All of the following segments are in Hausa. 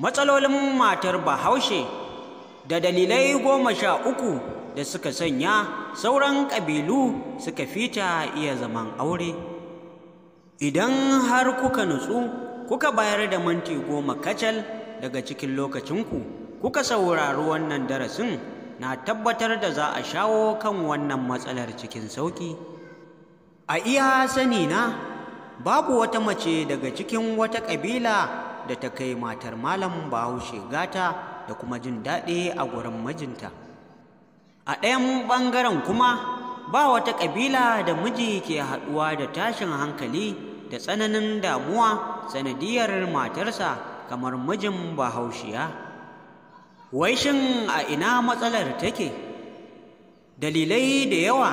matsalolin matar bahaushe da dalilai goma sha uku da suka sanya sauran ƙabilu suka fita iya zaman aure idan har kuka nutsu kuka bayar da minti goma kacal daga cikin lokacinku kuka saurari wannan darasin na tabbatar da za a shawo kan wannan matsalar cikin sauƙi a iya sani na babu wata mace daga cikin wata ƙabila da ta kai matar malam bahaushe gata da kuma jin daɗi a gurin mijinta a ɗayan ɓangaren kuma ba wata ƙabila da miji ke haɗuwa da tashin hankali da tsananin damuwa sanadiyar matarsa kamar mijin bahaushiya wai shin a ina matsalar take dalilai da yawa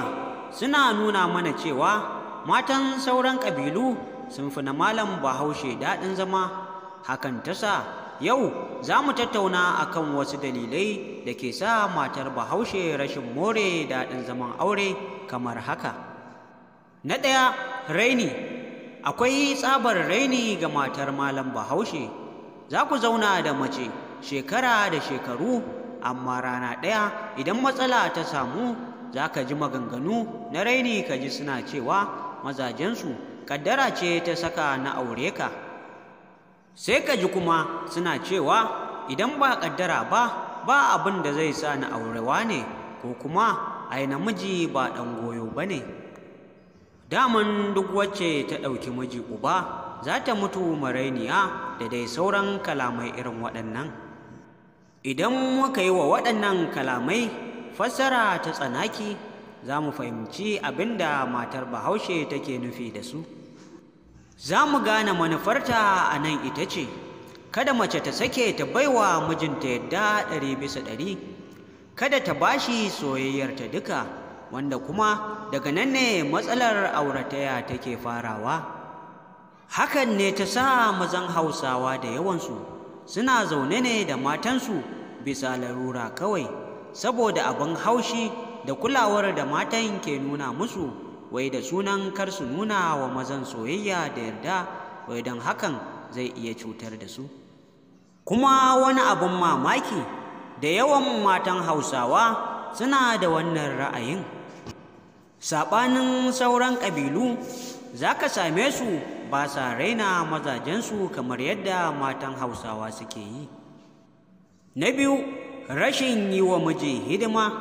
suna nuna mana cewa matan sauran ƙabilu sun fi na malam bahaushe daɗin zama hakan ta sa yau za mu tattauna akan wasu dalilai da ke sa matar bahaushe rashin more daɗin zaman aure kamar haka na ɗaya raini akwai tsabar raini ga matar malam bahaushe za ku zauna da mace shekara da shekaru amma rana ɗaya idan matsala ta samu za ka ji maganganu na raini ka ji suna cewa mazajensu kaddara ce ta saka na aure ka sai ka ji kuma suna cewa idan ba ƙaddara ba ba abin da zai sa ni aurewa ne ko kuma ai namiji ba ɗan goyo ba ne daman duk wacce ta ɗauki miji uba za ta mutu marainiya da dai sauran kalamai irin waɗannan idan muka yi wa waɗannan kalamai fassara ta tsanaki za mu fahimci abin da matar bahaushe take nufi da su za mu gane manufarta a nan ita ce kada mace ta sake ta baiwa mijinta yadda ɗari bisa ɗari kada ta bashi soyayyarta duka wanda kuma daga nan ne matsalar aurataya take farawa hakan ne ta sa mazan hausawa da yawansu suna zaune ne da matansu bisa larura kawai saboda abin haushi da kulawar da matan ke nuna musu wai da sunan kar su nuna wa mazan soyayya da yarda wai don hakan zai iya cutar da su kuma wani abin mamaki da yawan matan hausawa suna da wannan ra'ayin saɓanin sauran ƙabilu za ka same su ba sa raina mazajensu kamar yadda matan hausawa suke yi na biyu rashin yi wa miji hidima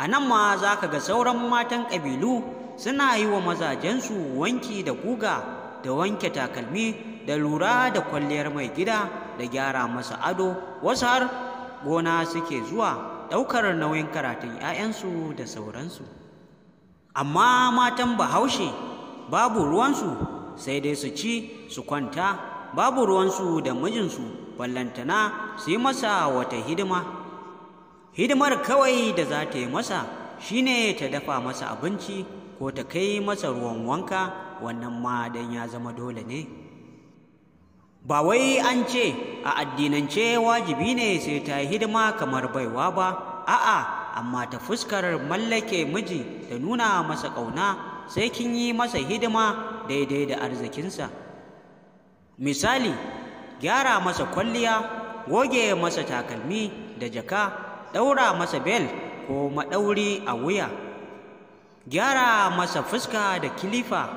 a nan ma za ka ga sauran matan ƙabilu suna yi wa mazajensu wanki da guga da wanke takalmi da lura da kwalliyar mai gida da gyara masa ado wasu har gona suke zuwa ɗaukar nauyin karatun 'ya'yansu da sauransu amma matan bahaushe babu ruwansu sai dai su ci su kwanta babu ruwansu da mijinsu ballantana su yi masa wata hidima hidimar kawai da za ta yi masa shine ta dafa masa abinci ko ta kai masa ruwan wanka wannan ma dan ya zama dole ne ba wai an ce a addinance wajibi ne sai ta yi hidima kamar baiwa ba a'a amma ta fuskar mallake miji da nuna masa ƙauna sai kin yi masa hidima daidai da arzikinsa misali gyara masa kwalliya goge masa takalmi da jaka ɗaura masa bel ko maɗauri a wuya gyara masa fuska da kilifa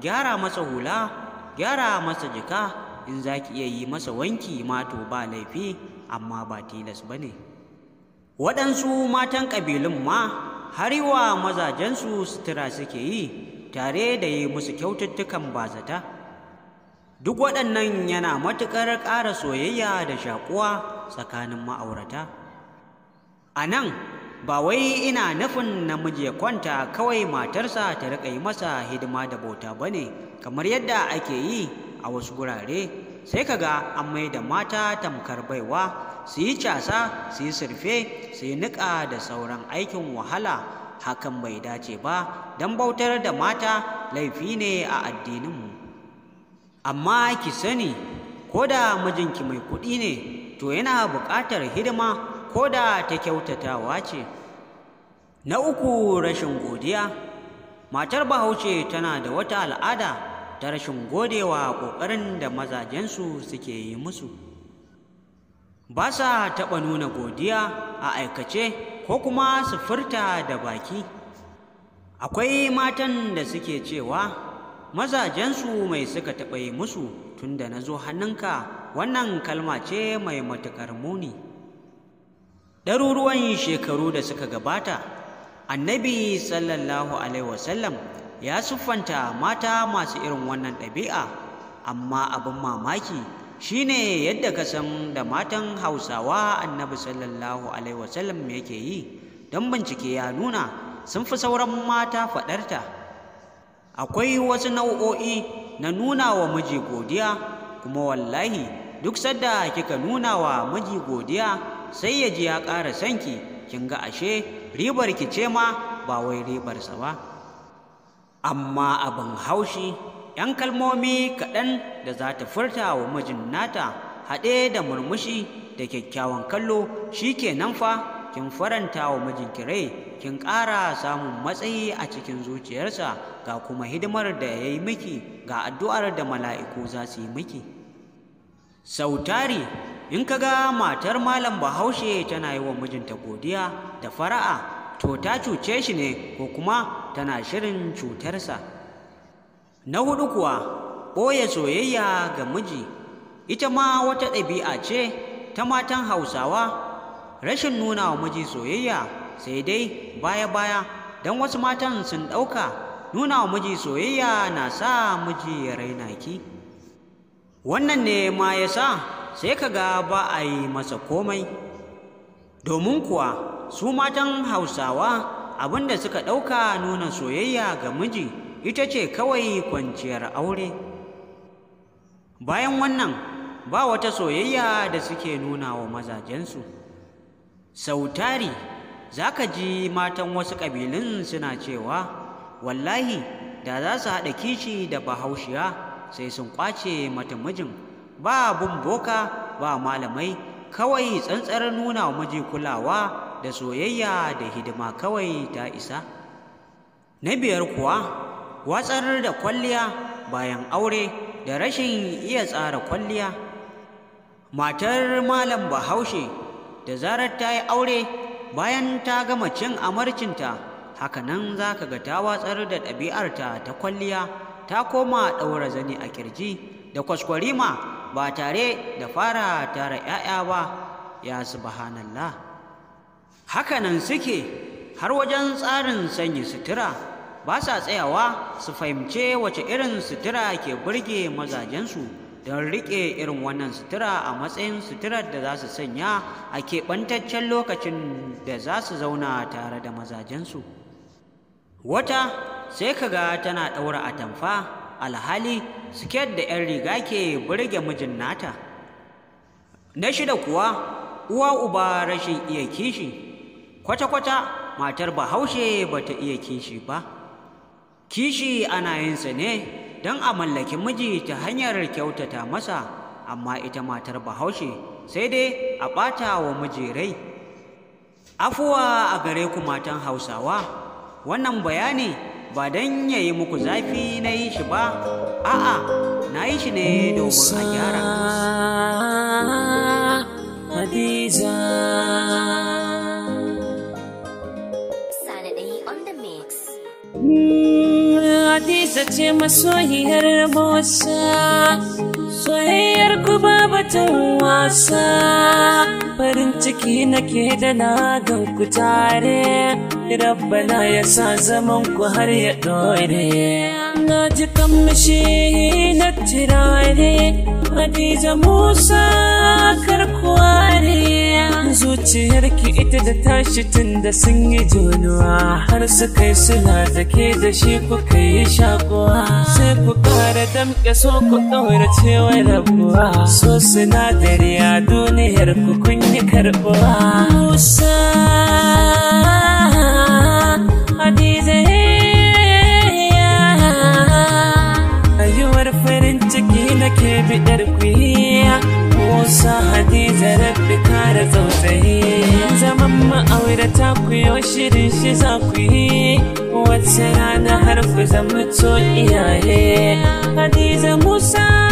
gyara masa hula gyara masa jika in za ki iya yi masa wanki mato ba laifi amma ba tilas ba ne waɗansu matan ƙabilun ma har wa mazajensu sutura suke yi tare da yi musu kyaututtukan bazata duk waɗannan yana matuƙar ƙara soyayya da shaƙuwa tsakanin ma'aurata a nan ba wai ina nufin namiji ya kwanta kawai matarsa ta riƙa yi masa hidima da bauta ba ne kamar yadda ake yi a wasu gurare sai kaga an mai da mata tamkar baiwa su yi casa su yi surfe su yi niƙa da sauran aikin wahala hakan bai dace ba don bautar da mata laifi ne a addininmu amma ki sani ko da mijinki mai kuɗi ne to yana buƙatar hidima ko da ta kyautatawa ce na uku rashin godiya matar bahaushe tana da wata al'ada ta rashin godewa ƙoƙarin da mazajensu suke yi musu ba sa taɓa nuna godiya a aikace ko kuma su furta da baki akwai matan da suke cewa mazajensu mai suka taɓa yi musu tunda na zo hannunka wannan kalma ce mai matuƙar muni ɗaruruwan shekaru da suka gabata annabi sallallahu alaihi wasallam ya siffanta mata masu irin wannan ɗabi'a amma abin mamaki shine yadda ka san da matan hausawa annabi sallallahu alaihi wasallam yake yi don bincike ya nuna sun fi sauran mata faɗarta akwai wasu nau'o'i na nuna wa miji godiya kuma wallahi duk sadda kika nuna wa miji godiya sai ya ji ya ƙara sanki kin ga ashe ribar ki ce ma ba wai ribarsa ba amma abin haushi 'yan kalmomi kaɗan da za ta furta wa mijin nata haɗe da murmushi da kyakkyawan kallo shi ke nan fa kin faranta wa mijinki rai kin ƙara samun matsayi a cikin zuciyarsa ga kuma hidimar da ya yi miki ga addu'ar da mala'iku za su yi miki sautari in ka ga matar malam bahaushe tana yi wa mijinta godiya da fara'a to ta cuce shi ne ko kuma tana shirin cutarsa na hudu kuwa ɓoye soyayya ga miji ita ma wata ɗabi'a ce ta matan hausawa rashin nuna wa miji soyayya sai dai baya-baya don wasu matan sun ɗauka nuna wa miji soyayya na sa miji ya raina ki wannan ne ma ya sa sai ka ga ba a yi masa komai domin kuwa su matan hausawa abin da suka ɗauka nuna soyayya ga miji ita ce kawai kwanciyar aure bayan wannan ba wata soyayya da suke nuna wa mazajensu sautari za ka ji matan wasu ƙabilun suna cewa wallahi da za su haɗa kishi da bahaushiya sai sun ƙwace mata mijin ba bin boka ba malamai kawai tsantsar nuna wa miji kulawa da soyayya da hidima kawai ta isa na biyar kuwa watsar da kwalliya bayan aure da rashin iya tsara kwalliya matar malam bahaushe da zarar ta yi aure bayan ta gama cin amarcinta hakanan za ka ga ta watsar da ɗabi'arta ta kwalliya ta koma ɗaura zani a kirji da kwaskwarima ba tare da fara tara ‘ya'ya ba ya subhanallah nan suke har wajen tsarin sanya sutura ba sa tsayawa su fahimce wace irin sutura ke burge mazajensu don riƙe irin wannan sutura a matsayin suturar da za su sanya a keɓantaccen lokacin da za su zauna tare da mazajensu wata sai kaga tana ɗaura atamfa alhali siket da 'yan riga ke burge mijin nata na shida kuwa uwa uba rashin iya kishi kwata-kwata matar bahaushe ba ta iya kishi ba kishi ana yinsa ne don a mallaki miji ta hanyar kyautata masa amma ita matar bahaushe sai dai a ɓata wa miji rai afuwa a gare ku matan hausawa wannan bayani ba don ya yi muku zafi na yi shi ba a'a na yi shi ne domin a gyara Hadiza Hadiza ce masoyiyar bosa soyayyar ku ba batun wasa farin ciki nake da na gan ku tare rabbana ya sa zaman ku har ya dore na ji kamshi na tirare Hadiza Musa kar zuciyar ki ita da tashi tun da sun yi jonuwa har su kai suna da ke da shi kuka yi shakuwa sai ku kara damke so ku daura cewa rabuwa so sinadari a duniyar ku kun yi karɓuwa Musa Hadiza ya farin ciki nake biɗar kuyiya Musa Hadiza rabbi kara tsautsayi Zaman ma'aurata ku yi. shirin shi za ku yi Wata rana har ku zama to iyaye Hadiza Musa